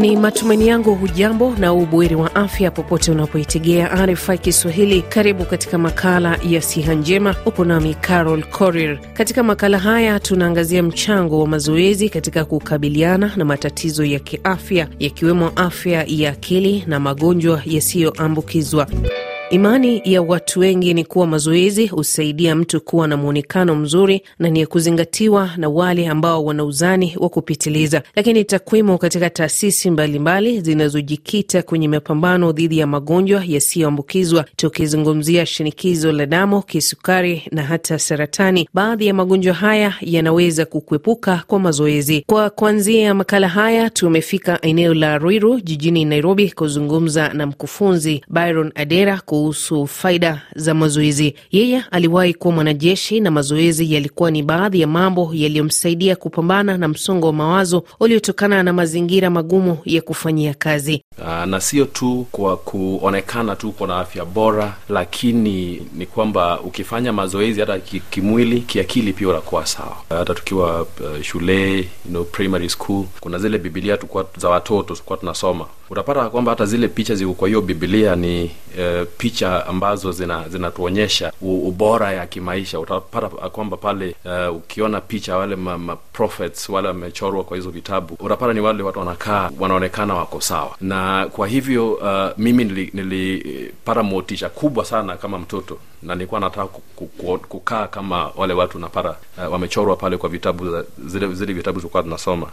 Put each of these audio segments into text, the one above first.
Ni matumaini yangu hujambo na ubuheri wa afya popote unapoitegea RFI Kiswahili. Karibu katika makala ya siha njema, upo nami Carol Korir. Katika makala haya tunaangazia mchango wa mazoezi katika kukabiliana na matatizo ya kiafya yakiwemo afya ya akili na magonjwa yasiyoambukizwa. Imani ya watu wengi ni kuwa mazoezi husaidia mtu kuwa na mwonekano mzuri na ni ya kuzingatiwa na wale ambao wana uzani wa kupitiliza, lakini takwimu katika taasisi mbalimbali zinazojikita kwenye mapambano dhidi ya magonjwa yasiyoambukizwa, tukizungumzia shinikizo la damu, kisukari na hata saratani, baadhi ya magonjwa haya yanaweza kukwepuka kwa mazoezi. Kwa kuanzia makala haya, tumefika eneo la Ruiru jijini Nairobi kuzungumza na mkufunzi Byron Adera ku kuhusu faida za mazoezi. Yeye aliwahi kuwa mwanajeshi na mazoezi yalikuwa ni baadhi ya mambo yaliyomsaidia kupambana na msongo wa mawazo uliotokana na mazingira magumu ya kufanyia kazi. Ah, na sio tu kwa kuonekana tu uko na afya bora, lakini ni kwamba ukifanya mazoezi hata kimwili, kiakili pia unakuwa sawa. Hata tukiwa uh, shule you know, primary school kuna zile bibilia tukua za watoto tukuwa tunasoma, utapata kwamba hata zile picha ziko kwa hiyo bibilia ni uh, picha ambazo zinatuonyesha zina ubora ya kimaisha. Utapata kwamba pale uh, ukiona picha wale ma, ma prophets wale wamechorwa kwa hizo vitabu, utapata ni wale watu wanakaa wanaonekana wako sawa, na kwa hivyo uh, mimi nilipata nili motisha kubwa sana kama mtoto na nilikuwa nataka kukaa kama wale watu napata uh, wamechorwa pale kwa vitabu zile, zile vitabu tulikuwa tunasoma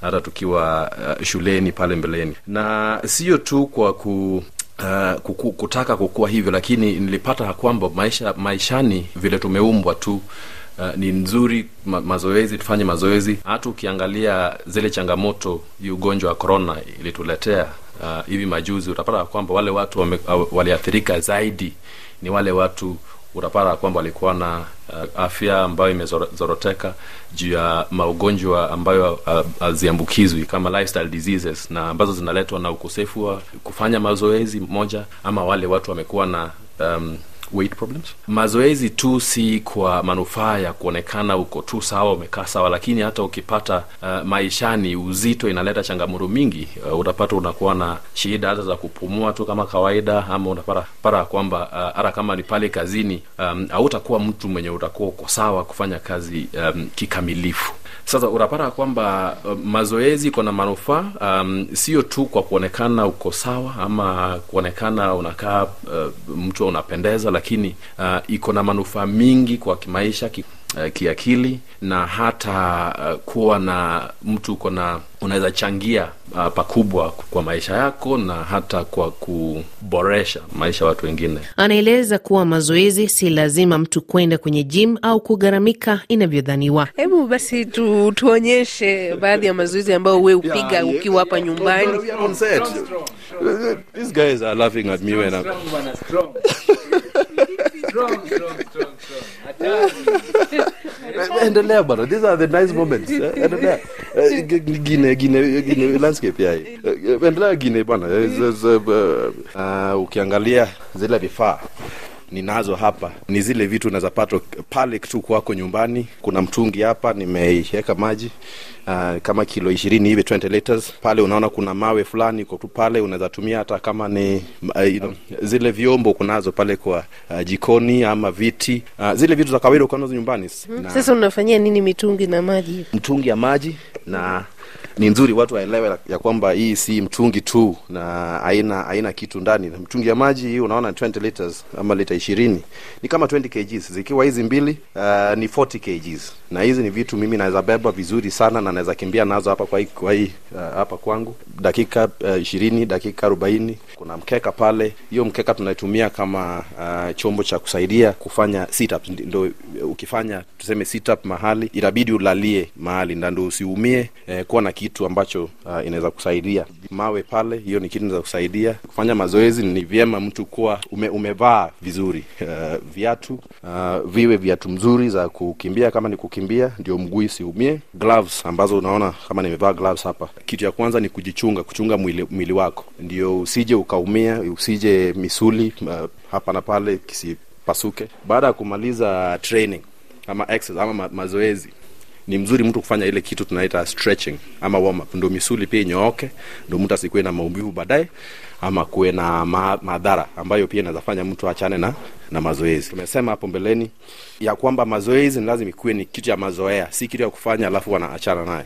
hata tukiwa uh, shuleni pale mbeleni, na sio tu kwa ku uh, kuku, kutaka kukua hivyo, lakini nilipata kwamba maisha maishani vile tumeumbwa tu Uh, ni nzuri ma mazoezi, tufanye mazoezi. Hata ukiangalia zile changamoto hii ugonjwa wa korona ilituletea uh, hivi majuzi, utapata kwamba wale watu waliathirika zaidi ni wale watu utapata kwamba walikuwa na uh, afya ambayo imezoroteka juu ya maugonjwa ambayo uh, haziambukizwi kama lifestyle diseases na ambazo zinaletwa na ukosefu wa kufanya mazoezi moja, ama wale watu wamekuwa na um, weight problems. Mazoezi tu si kwa manufaa ya kuonekana uko tu sawa, umekaa sawa, lakini hata ukipata uh, maishani uzito inaleta changamoto mingi. Uh, utapata unakuwa na shida hata za kupumua tu kama kawaida, ama unapata kwamba eh, hata uh, kama ni pale kazini, um, hautakuwa mtu mwenye utakuwa uko sawa kufanya kazi um, kikamilifu. Sasa unapata kwamba um, mazoezi iko na manufaa um, sio tu kwa kuonekana uko sawa ama kuonekana unakaa uh, mtu unapendeza, lakini uh, iko na manufaa mingi kwa kimaisha ki Eh, kiakili na hata uh, kuwa na mtu uko na unaweza changia uh, pakubwa kwa maisha yako na hata kwa kuboresha maisha watu wengine. Anaeleza kuwa mazoezi si lazima mtu kwenda kwenye jim au kugharamika inavyodhaniwa. Hebu basi tu, tuonyeshe baadhi ya mazoezi ambayo we upiga yeah, ukiwa hapa nyumbani. strong, strong, strong endelea bana, these are the nice moments. Eh, endelea eh, Gine, Gine, Gine landscape yai, eh, endelea Gine bana. Uh, ukiangalia zile vifaa ninazo hapa ni zile vitu unaweza pale tu kwako nyumbani. Kuna mtungi hapa nimeiweka maji uh, kama kilo ishirini hivi 20 liters. Pale unaona kuna mawe fulani iko tu pale, unaweza tumia hata kama ni uh, you know, zile vyombo kunazo pale kwa uh, jikoni ama viti uh, zile vitu za kawaida uko nazo nyumbani. Hmm. Na, sasa unafanyia nini mitungi na maji? Mtungi ya maji na ni nzuri watu waelewe ya kwamba hii si mtungi tu na aina aina kitu ndani. Mtungi ya maji hii unaona 20 liters ama lita 20 ni kama 20 kgs, zikiwa hizi mbili uh, ni 40 kgs, na hizi ni vitu mimi naweza beba vizuri sana na naweza kimbia nazo hapa kwa hii kwa hii uh, hapa kwangu dakika uh, 20 dakika 40. Kuna mkeka pale, hiyo mkeka tunaitumia kama uh, chombo cha kusaidia kufanya sit up. Ndio ukifanya tuseme sit up mahali, inabidi ulalie mahali na ndio usiumie eh, kuwa na kitu kitu ambacho uh, inaweza kusaidia. Mawe pale, hiyo ni kitu inaweza kusaidia. Kufanya mazoezi ni vyema mtu kuwa ume, umevaa vizuri uh, viatu uh, viwe viatu mzuri za kukimbia, kama ni kukimbia ndio mguu isiumie. Gloves ambazo unaona kama nimevaa gloves hapa. Kitu ya kwanza ni kujichunga, kuchunga mwili, mwili wako ndio usije ukaumia, usije misuli uh, hapa na pale kisipasuke. Baada ya kumaliza training ama exercise ama ma mazoezi ni mzuri mtu kufanya ile kitu tunaita stretching ama warm up, ndio misuli pia inyooke, ndio mtu asikue na maumivu baadaye ama kuwe na madhara ambayo pia inaweza mtu achane na, na mazoezi. Tumesema hapo mbeleni ya kwamba mazoezi ni lazima ikuwe ni kitu ya mazoea, si kitu ya kufanya alafu wanaachana naye.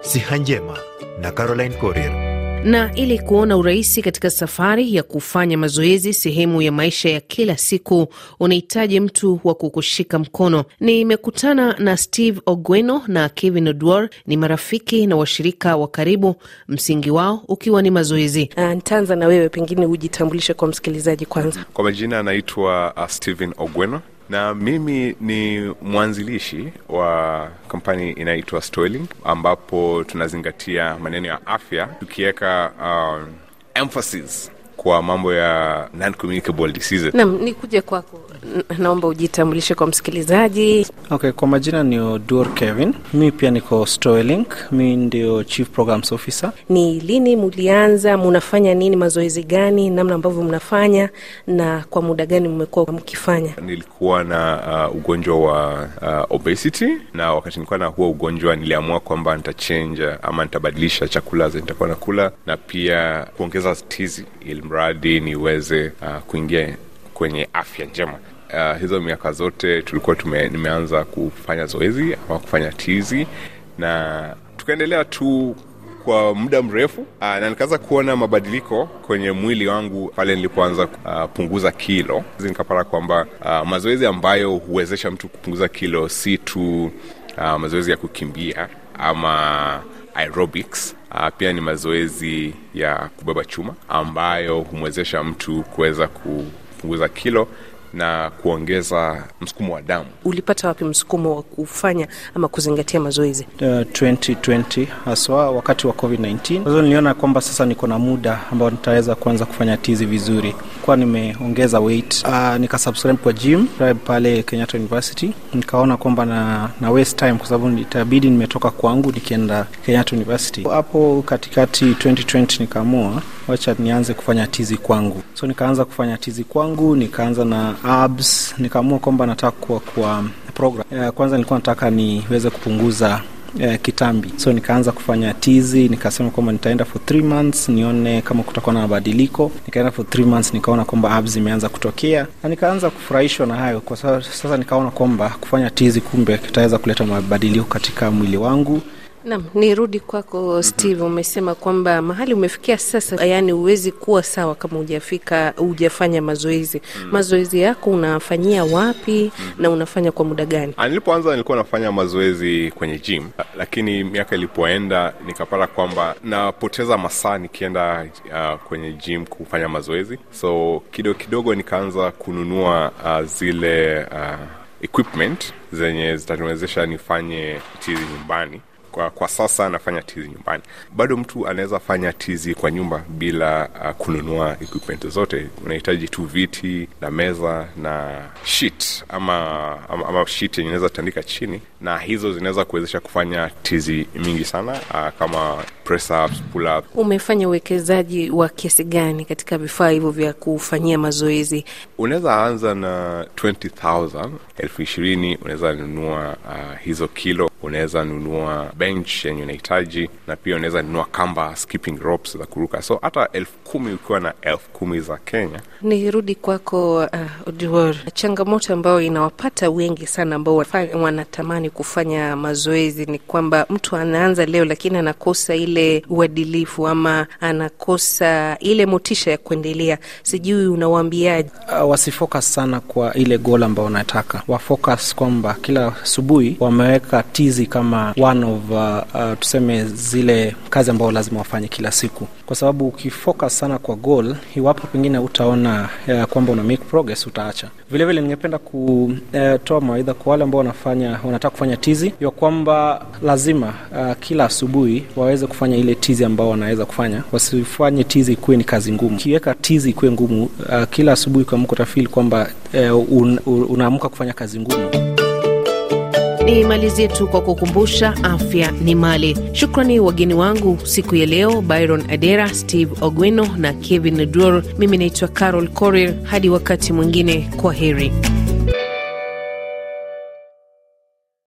Siha Njema na Caroline Courier. Na ili kuona urahisi katika safari ya kufanya mazoezi sehemu ya maisha ya kila siku, unahitaji mtu wa kukushika mkono. Nimekutana na Steve Ogweno na Kevin Odwar, ni marafiki na washirika wa karibu, msingi wao ukiwa ni mazoezi. Ah, nitaanza na wewe, pengine hujitambulishe kwa msikilizaji kwanza. Kwa majina anaitwa ah, Steven Ogweno na mimi ni mwanzilishi wa kampani inaitwa stoling ambapo tunazingatia maneno ya afya tukiweka um, emphasis kwa mambo ya non-communicable diseases. Naam, kwako naomba ujitambulishe kwa msikilizaji. Okay, kwa majina ni Odur Kevin, mi pia niko Stoelink, mi ndio Chief Programs Officer. Ni lini mulianza, munafanya nini, mazoezi gani, namna ambavyo mnafanya na kwa muda gani mmekuwa mkifanya? Nilikuwa na uh, ugonjwa wa uh, obesity, na wakati nilikuwa na huo ugonjwa niliamua kwamba nitachenja ama nitabadilisha chakula nitakuwa nakula na pia kuongeza tizi, ili mradi niweze uh, kuingia kwenye afya njema. Uh, hizo miaka zote tulikuwa tume, nimeanza kufanya zoezi ama kufanya tizi na tukaendelea tu kwa muda mrefu uh, na nikaanza kuona mabadiliko kwenye mwili wangu pale nilipoanza uh, kupunguza kilo. Nikapata kwamba uh, mazoezi ambayo huwezesha mtu kupunguza kilo si tu uh, mazoezi ya kukimbia ama aerobics, uh, pia ni mazoezi ya kubeba chuma ambayo humwezesha mtu kuweza ku kupunguza kilo na kuongeza msukumo wa damu. Ulipata wapi msukumo wa kufanya ama kuzingatia mazoezi? Uh, 2020 haswa wakati wa COVID-19. Sasa niliona kwamba sasa niko na muda ambao nitaweza kuanza kufanya tizi vizuri, kwa nimeongeza weight. Uh, nikasubscribe kwa gym pale Kenyatta University, nikaona kwamba na, na waste time kwa sababu itabidi nimetoka kwangu nikienda Kenyatta University. Hapo katikati 2020 nikaamua wacha nianze kufanya tizi kwangu. So nikaanza kufanya tizi kwangu, nikaanza na abs, nikaamua kwamba nataka kuwa kwa program. Uh, kwanza nilikuwa nataka niweze kupunguza uh, kitambi, so nikaanza kufanya tizi, nikasema kwamba nitaenda for th months nione kama kutakuwa na mabadiliko. Nikaenda for th months, nikaona kwamba abs imeanza kutokea na nikaanza kufurahishwa na hayo. Kwa sasa, sasa nikaona kwamba kufanya tizi kumbe kitaweza kuleta mabadiliko katika mwili wangu. Naam, nirudi kwako mm -hmm. Steve, mhm. umesema kwamba mahali umefikia sasa, yani huwezi kuwa sawa kama hujafika hujafanya mazoezi mm. Mazoezi yako unafanyia wapi mm. na unafanya kwa muda gani? Ah, nilipoanza nilikuwa nafanya mazoezi kwenye gym, lakini miaka ilipoenda nikapata kwamba napoteza masaa nikienda uh, kwenye gym kufanya mazoezi, so kidogo kidogo nikaanza kununua uh, zile uh, equipment zenye zitaniwezesha nifanye tizi nyumbani kwa, kwa sasa anafanya tizi nyumbani. Bado mtu anaweza fanya tizi kwa nyumba bila uh, kununua equipment zote. Unahitaji tu viti na meza na sheet ama, ama, ama sheet yenye inaweza tandika chini, na hizo zinaweza kuwezesha kufanya tizi mingi sana uh, kama press ups, pull up. Umefanya uwekezaji wa kiasi gani katika vifaa hivyo vya kufanyia mazoezi? Unaweza anza na 20,000 elfu ishirini unaweza nunua uh, hizo kilo unaweza nunua bench yenye unahitaji na pia unaweza nunua kamba skipping ropes za kuruka, so hata elfu kumi ukiwa na elfu kumi za Kenya. Nirudi kwako uh, changamoto ambayo inawapata wengi sana ambao wanatamani kufanya mazoezi ni kwamba mtu anaanza leo, lakini anakosa ile ule uadilifu ama anakosa ile motisha ya kuendelea. Sijui unawambiaje Uh, ah, wasifocus sana kwa ile gol ambao wanataka wafocus, kwamba kila asubuhi wameweka tizi kama one of uh, uh, tuseme zile kazi ambao lazima wafanye kila siku kwa sababu ukifocus sana kwa goal, iwapo pengine utaona uh, kwamba una make progress utaacha. Vilevile ningependa kutoa eh, uh, mawaidha kwa wale ambao wanafanya wanataka kufanya tizi ya kwamba lazima uh, kila asubuhi waweze kufanya ile tizi ambao wanaweza kufanya, wasifanye tizi ikuwe ni kazi ngumu. Ukiweka tizi ikuwe ngumu, uh, kila asubuhi kuamka utafili kwamba uh, un, un, unaamka kufanya kazi ngumu ni Nimalizie tu kwa kukumbusha afya ni mali. Shukrani wageni wangu siku ya leo, Byron Adera, Steve Ogwino na Kevin dur Mimi naitwa Carol Korir. Hadi wakati mwingine, kwa heri.